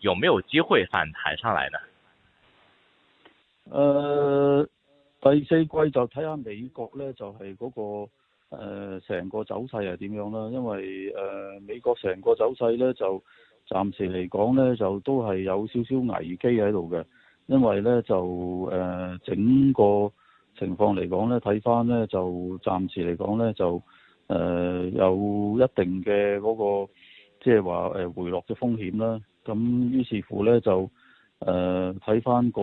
有沒有機會反彈上嚟呢？誒，第四季就睇下美國呢，就係嗰個誒成個走勢係點樣啦。因為誒美國成個走勢呢，就暫時嚟講呢，就都係有少少危機喺度嘅。因為呢，就誒整個情況嚟講呢，睇返呢，就暫時嚟講呢，就誒有一定嘅嗰個即係話誒回落嘅風險啦。咁於是乎咧就誒睇翻個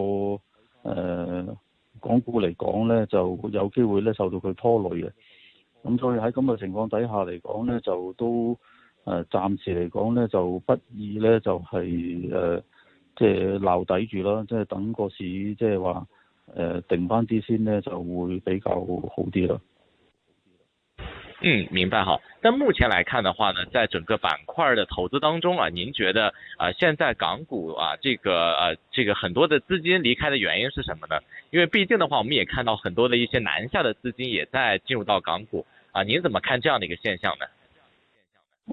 誒港股嚟講咧就有機會咧受到佢拖累嘅，咁所以喺咁嘅情況底下嚟講咧就都誒、呃、暫時嚟講咧就不宜咧就係誒即係撈底住啦，即係等個市即係話誒定翻啲先咧就會比較好啲啦。嗯，明白好，但目前來看的話呢，在整個板塊的投資當中啊，您覺得啊，現在港股啊，這個呃、啊，這個很多的資金離開的原因是什麼呢？因為畢竟的話，我們也看到很多的一些南下的資金也在進入到港股啊。您怎麼看這樣的一個現象呢？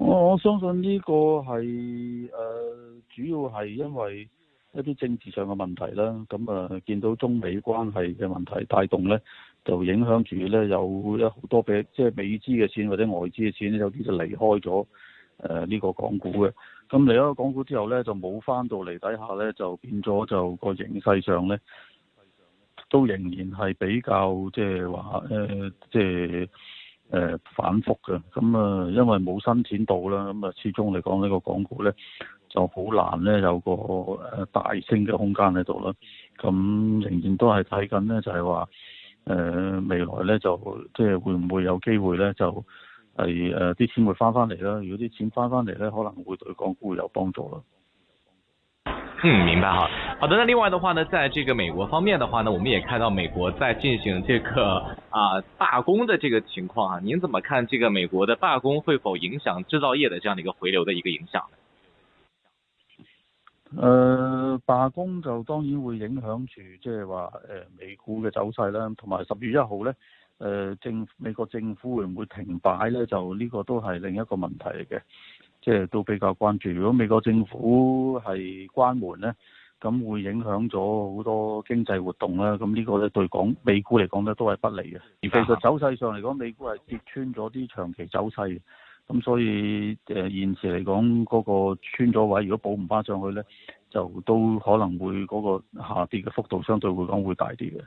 我相信呢個係呃，主要係因為一啲政治上嘅問題啦。咁啊，見到中美關係嘅問題帶動呢。就影響住咧，有一好多畀即係美資嘅錢或者外資嘅錢，有啲就離開咗誒呢個港股嘅。咁離開港股之後咧，就冇翻到嚟底下咧，就變咗就個形勢上咧，都仍然係比較即係話即係反覆嘅。咁啊，因為冇新錢到啦，咁啊始終嚟講呢個港股咧就好難咧有個大升嘅空間喺度啦。咁仍然都係睇緊咧，就係話。誒、呃、未來呢，就即係會唔會有機會呢？就係誒啲錢會翻翻嚟啦？如果啲錢翻翻嚟呢，可能會對港股有幫助啦。嗯，明白哈。好的，那另外的話呢，在這個美國方面的話呢，我們也看到美國在進行這個啊呃、罷工的這個情況啊。您怎麼看這個美國的罷工會否影響製造業的這樣的一個回流的一個影響？誒，罷工就當然會影響住即係話，誒，美股嘅走勢啦。同埋十月一號呢，誒，政美國政府會唔會停擺呢，就呢個都係另一個問題嚟嘅，即係都比較關注。如果美國政府係關門呢，咁會影響咗好多經濟活動啦。咁呢個呢，對港美股嚟講呢都係不利嘅。而其實走勢上嚟講，美股係跌穿咗啲長期走勢。咁所以誒、呃、現時嚟講，嗰、那個穿咗位如果補唔翻上去咧，就都可能會嗰個下跌嘅幅度相對會講會大啲嘅。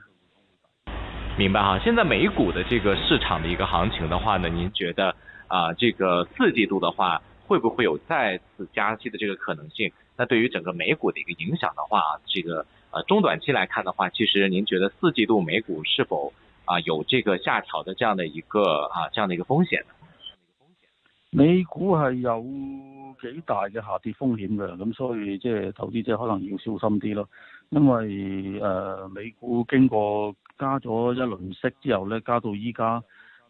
明白哈、啊，現在美股嘅這個市場嘅一個行情的話呢，您覺得啊、呃，這個四季度嘅話，會不會有再次加息嘅這個可能性？那對於整個美股嘅一個影響的話，這個呃中短期來看嘅話，其實您覺得四季度美股是否啊、呃、有這個下調嘅這樣的嘅一個啊這樣的嘅一個風險呢？美股係有幾大嘅下跌風險嘅，咁所以即係投資者可能要小心啲咯。因為誒美股經過加咗一輪息之後咧，加到依家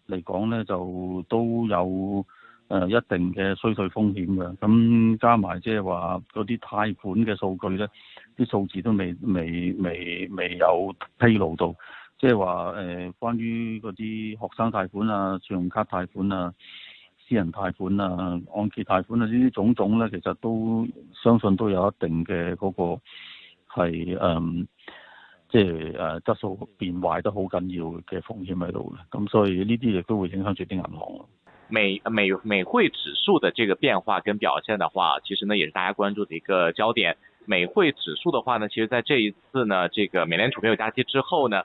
嚟講咧就都有誒一定嘅衰退風險嘅。咁加埋即係話嗰啲貸款嘅數據咧，啲數字都未未未未有披露到，即係話誒關於嗰啲學生貸款啊、信用卡貸款啊。私人貸款啊、按揭貸款啊呢啲種種咧，其實都相信都有一定嘅嗰個係誒，即係誒質素變壞得好緊要嘅風險喺度嘅，咁所以呢啲亦都會影響住啲銀行。美美美匯指數嘅這個變化跟表現嘅話，其實呢也是大家關注的一個焦點。美匯指數的話呢，其實在這一次呢，這個美國聯儲沒有加息之後呢。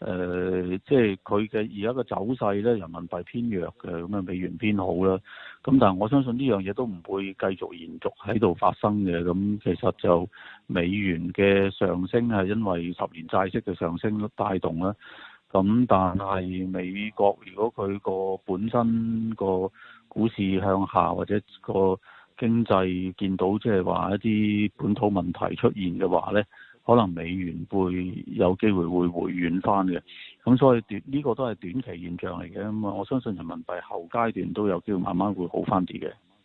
誒、呃，即係佢嘅而家個走勢咧，人民幣偏弱嘅，咁啊美元偏好啦。咁但係我相信呢樣嘢都唔會繼續延續喺度發生嘅。咁其實就美元嘅上升係因為十年債息嘅上升帶動啦。咁但係美國如果佢個本身個股市向下或者個經濟見到即係話一啲本土問題出現嘅話呢，可能美元會有機會會回軟翻嘅，咁所以短呢個都係短期現象嚟嘅。咁啊，我相信人民幣後階段都有機會慢慢會好翻啲嘅。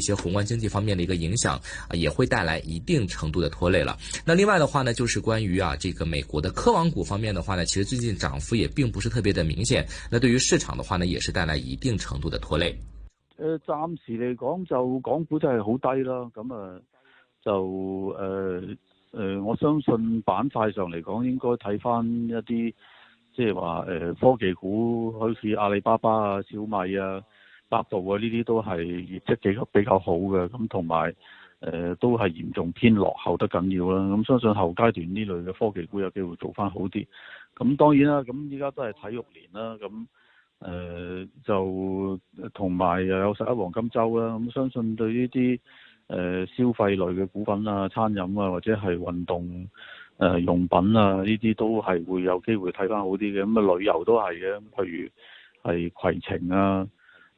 一些宏觀經濟方面的一個影響，也會帶來一定程度的拖累了。那另外的話呢，就是關於啊這個美國的科網股方面的話呢，其實最近漲幅也並不是特別的明顯。那對於市場的話呢，也是帶來一定程度的拖累。呃，暫時嚟講，就港股真係好低啦。咁啊，就誒誒，我相信板塊上嚟講，應該睇翻一啲，即係話誒科技股，好似阿里巴巴啊、小米啊。百度啊，呢啲都係業績比較好嘅，咁同埋誒都係嚴重偏落後得緊要啦。咁相信後階段呢類嘅科技股有機會做翻好啲。咁當然啦，咁依家都係體育年啦，咁誒、呃、就同埋又有十一黃金週啦。咁相信對於啲誒消費類嘅股份啊、餐飲啊，或者係運動誒、呃、用品啊呢啲都係會有機會睇翻好啲嘅。咁啊旅遊都係嘅，譬如係攜程啊。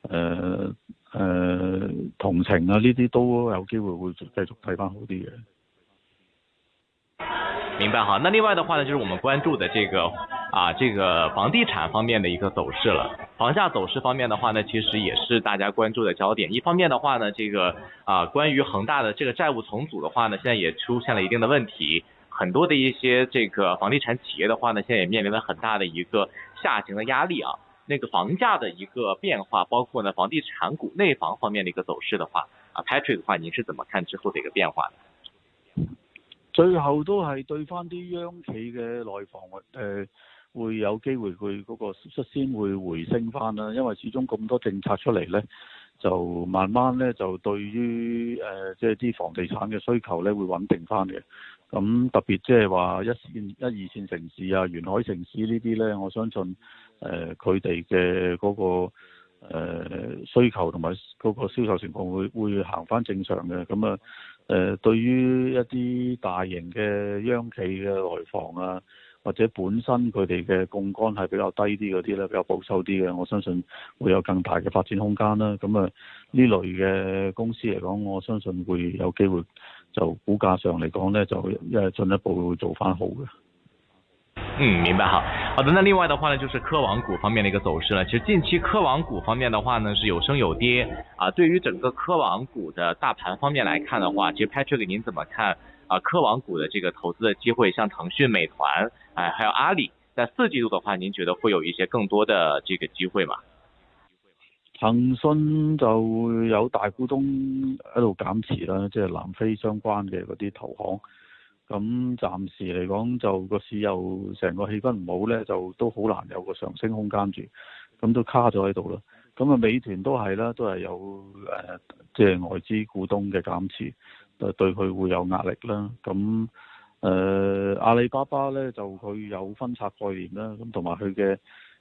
呃，呃同情啊，呢啲都有機會會繼續睇翻好啲嘅。明白哈，那另外的話呢，就是我們關注的這個啊，這個房地產方面的一個走勢了。房價走勢方面的話呢，其實也是大家關注的焦點。一方面的話呢，這個啊，關於恒大的這個債務重組的話呢，現在也出現了一定的問題。很多的一些這個房地產企業的話呢，現在也面臨了很大的一個下行的壓力啊。呢個房價的一個變化，包括呢房地產股內房方面的一個走勢的話，啊 Patrick 嘅話，你是怎麼看之後嘅一個變化呢？最後都係對翻啲央企嘅內房，誒、呃、會有機會佢嗰個率先會回升翻啦。因為始終咁多政策出嚟呢，就慢慢呢，就對於誒即係啲房地產嘅需求呢會穩定翻嘅。咁特別即係話一綫、一二綫城市啊、沿海城市呢啲呢，我相信。誒佢哋嘅嗰個、呃、需求同埋嗰個銷售情況會會行翻正常嘅，咁啊誒對於一啲大型嘅央企嘅來訪啊，或者本身佢哋嘅槓桿係比較低啲嗰啲咧，比較保守啲嘅，我相信會有更大嘅發展空間啦。咁、嗯、啊呢類嘅公司嚟講，我相信會有機會就股價上嚟講咧，就一係進一步會做翻好嘅。嗯，明白好，好的，那另外的話呢，就是科網股方面的一個走勢了。其實近期科網股方面的話呢，是有升有跌啊。對於整個科網股的大盤方面來看的話，其實 Patrick 您怎麼看啊？科網股的這個投資的機會，像騰訊、美團，哎、啊，還有阿里，在四季度的話，您覺得會有一些更多的這個機會嗎？騰訊就有大股東喺度減持啦，即係南非相關嘅嗰啲投行。咁暫時嚟講，就個市又成個氣氛唔好呢，就都好難有個上升空間住，咁都卡咗喺度啦。咁啊，美團都係啦，都係有誒，即、呃、係、就是、外資股東嘅減持，對佢會有壓力啦。咁誒、呃，阿里巴巴呢，就佢有分拆概念啦，咁同埋佢嘅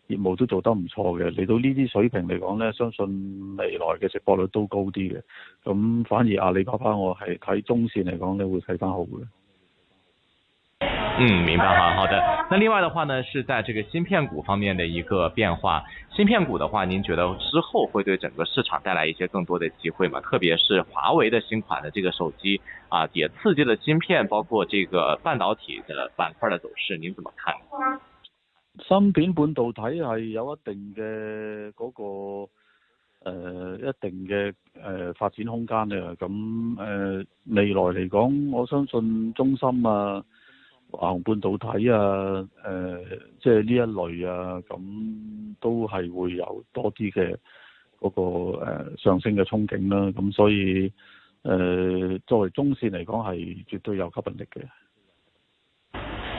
業務都做得唔錯嘅。嚟到呢啲水平嚟講呢，相信未來嘅值博率都高啲嘅。咁反而阿里巴巴，我係睇中線嚟講呢，會睇返好嘅。嗯，明白哈，好的。那另外的話呢，是在這個芯片股方面的一個變化。芯片股的話，您覺得之後會對整個市場帶來一些更多的機會嗎？特別是華為的新款的這個手機啊，也刺激了芯片包括這個半導體的板塊的走勢，您怎麼看？芯片半導體係有一定嘅嗰、那個誒、呃、一定嘅誒、呃、發展空間嘅，咁誒、呃、未來嚟講，我相信中芯啊。昂，半導體啊，誒、呃，即係呢一類啊，咁都係會有多啲嘅嗰個、呃、上升嘅憧憬啦、啊。咁所以誒、呃，作為中線嚟講，係絕對有吸引力嘅。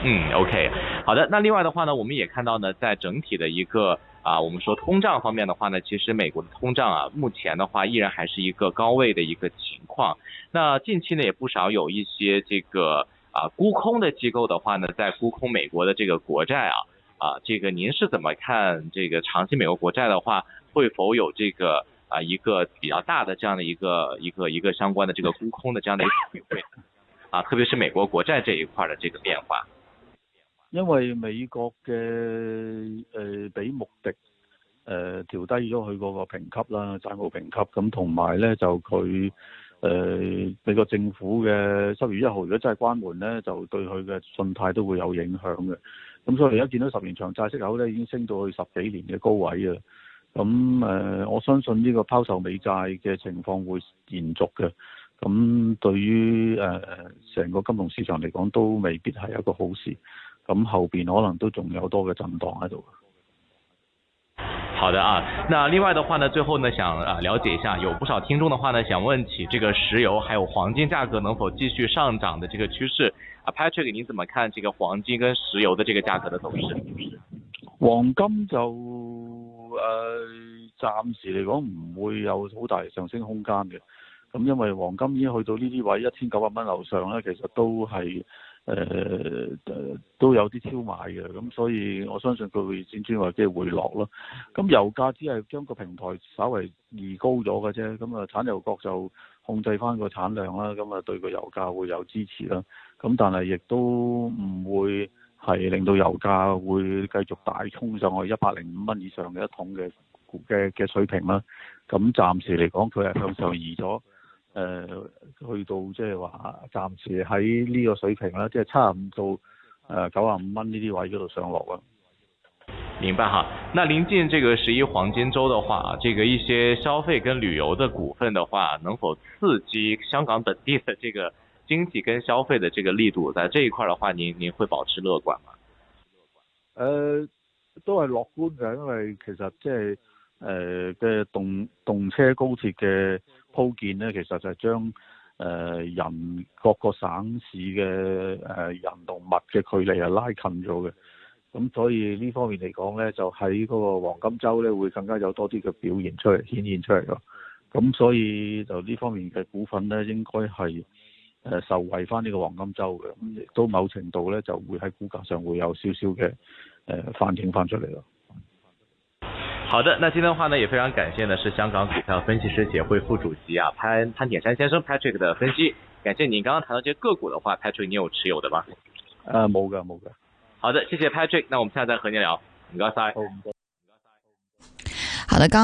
嗯，OK，好的。那另外的話呢，我們也看到呢，在整體的一個啊，我們說通脹方面的話呢，其實美國的通脹啊，目前的話依然還是一個高位的一個情況。那近期呢，也不少有一些這個。啊，沽空的機構的話呢，在沽空美國的這個國債啊，啊，這個您是怎麼看這個長期美國國債的話，會否有這個啊一個比較大的這樣的一，一個一個一個相關的這個沽空的這樣的一個機會？ 啊，特別是美國國債這一塊的這個變化。因為美國嘅誒比穆迪誒、呃、調低咗佢嗰個評級啦，債務評級咁，同埋咧就佢。誒、呃、美國政府嘅十月一號，如果真係關門呢，就對佢嘅信貸都會有影響嘅。咁所以而家見到十年長債息口呢，已經升到去十幾年嘅高位啊。咁誒、呃，我相信呢個拋售美債嘅情況會延續嘅。咁對於誒成、呃、個金融市場嚟講，都未必係一個好事。咁後邊可能都仲有多嘅震盪喺度。好的啊，那另外的話呢，最後呢想啊了解一下，有不少聽眾的話呢，想問起這個石油還有黃金價格能否繼續上漲的這個趨勢啊，Patrick，你怎麼看這個黃金跟石油的這個價格的走勢？黃金就呃暫時嚟講唔會有好大上升空間嘅，咁、嗯、因為黃金已經去到呢啲位一千九百蚊樓上呢，其實都係。誒、呃呃、都有啲超買嘅，咁所以我相信佢會先轉為即係回落咯。咁油價只係將個平台稍微移高咗嘅啫，咁啊產油國就控制翻個產量啦，咁啊對個油價會有支持啦。咁但係亦都唔會係令到油價會繼續大衝上去一百零五蚊以上嘅一桶嘅嘅嘅水平啦。咁暫時嚟講，佢係向上移咗。誒、呃，去到即係話暫時喺呢個水平啦，即係差唔多誒九十五蚊呢啲位嗰度上落啊。明白哈，那臨近這個十一黃金周的話，這個一些消費跟旅遊的股份的話，能否刺激香港本地的這個經濟跟消費的這個力度？在這一塊的話你，您您會保持樂觀嗎？呃，都係樂觀嘅，因為其實即係誒嘅動動車高鐵嘅。鋪建咧，其實就係將誒、呃、人各個省市嘅誒、呃、人同物嘅距離啊拉近咗嘅，咁所以呢方面嚟講咧，就喺嗰個黃金周咧會更加有多啲嘅表現出嚟，顯現出嚟咯。咁所以就呢方面嘅股份咧，應該係誒受惠翻呢個黃金周嘅，咁亦都某程度咧就會喺股價上會有少少嘅誒、呃、反映翻出嚟咯。好的，那今天的話呢，也非常感謝的是香港股票分析師協會副主席啊潘潘鐵珊先生 Patrick 的分析，感謝您剛剛談到這些個股的話，Patrick 你有持有的嗎？呃，冇噶冇噶。好的，謝謝 Patrick，那我們下次再和您聊，好唔該晒。好的，剛。